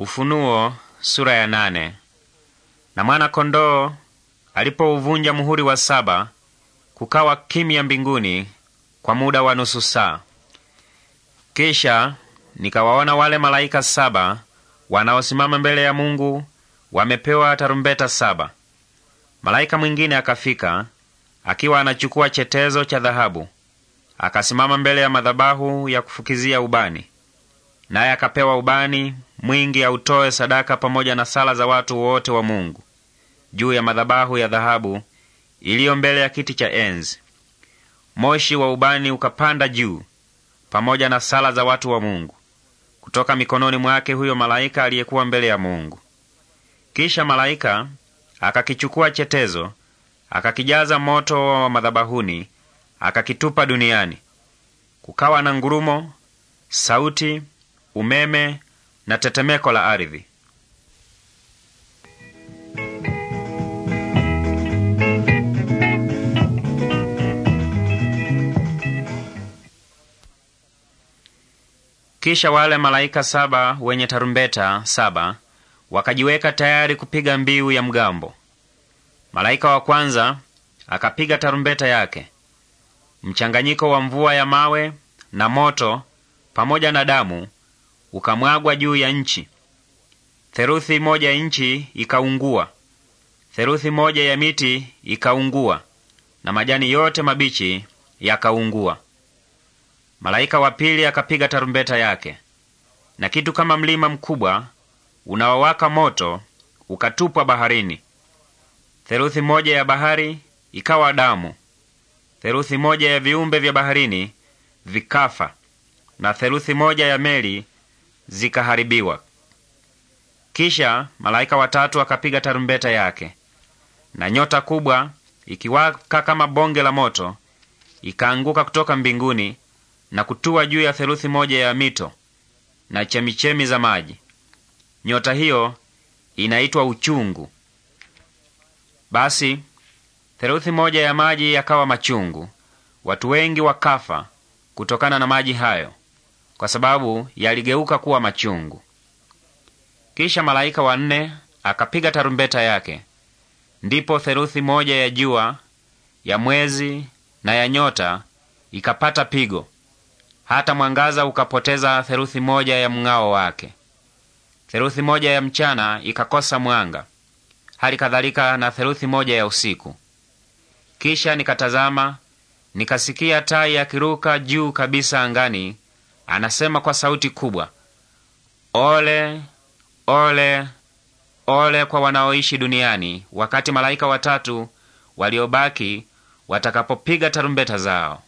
Ufunuo sura ya nane. Na mwana-kondoo alipouvunja muhuri wa saba, kukawa kimya mbinguni kwa muda wa nusu saa. Kisha nikawaona wale malaika saba wanaosimama mbele ya Mungu, wamepewa tarumbeta saba. Malaika mwingine akafika akiwa anachukua chetezo cha dhahabu, akasimama mbele ya madhabahu ya kufukizia ubani naye akapewa ubani mwingi autoe sadaka pamoja na sala za watu wote wa Mungu juu ya madhabahu ya dhahabu iliyo mbele ya kiti cha enzi. Moshi wa ubani ukapanda juu pamoja na sala za watu wa Mungu kutoka mikononi mwake huyo malaika aliyekuwa mbele ya Mungu. Kisha malaika akakichukua chetezo, akakijaza moto wa madhabahuni, akakitupa duniani. Kukawa na ngurumo, sauti umeme na tetemeko la ardhi. Kisha wale malaika saba wenye tarumbeta saba wakajiweka tayari kupiga mbiu ya mgambo. Malaika wa kwanza akapiga tarumbeta yake. Mchanganyiko wa mvua ya mawe na moto pamoja na damu ukamwagwa juu ya nchi. Theruthi moja ya nchi ikaungua, theruthi moja ya miti ikaungua, na majani yote mabichi yakaungua. Malaika wa pili akapiga tarumbeta yake, na kitu kama mlima mkubwa unaowaka moto ukatupwa baharini. Theruthi moja ya bahari ikawa damu, theruthi moja ya viumbe vya baharini vikafa, na theruthi moja ya meli zikaharibiwa. Kisha malaika watatu akapiga tarumbeta yake, na nyota kubwa ikiwaka kama bonge la moto ikaanguka kutoka mbinguni na kutua juu ya theluthi moja ya mito na chemichemi za maji. Nyota hiyo inaitwa Uchungu. Basi theluthi moja ya maji yakawa machungu, watu wengi wakafa kutokana na maji hayo kwa sababu yaligeuka kuwa machungu. Kisha malaika wa nne akapiga tarumbeta yake, ndipo theluthi moja ya jua, ya mwezi na ya nyota ikapata pigo, hata mwangaza ukapoteza theluthi moja ya mng'ao wake. Theluthi moja ya mchana ikakosa mwanga, hali kadhalika na theluthi moja ya usiku. Kisha nikatazama, nikasikia tai akiruka juu kabisa angani anasema kwa sauti kubwa, ole ole ole kwa wanaoishi duniani, wakati malaika watatu waliobaki watakapopiga tarumbeta zao.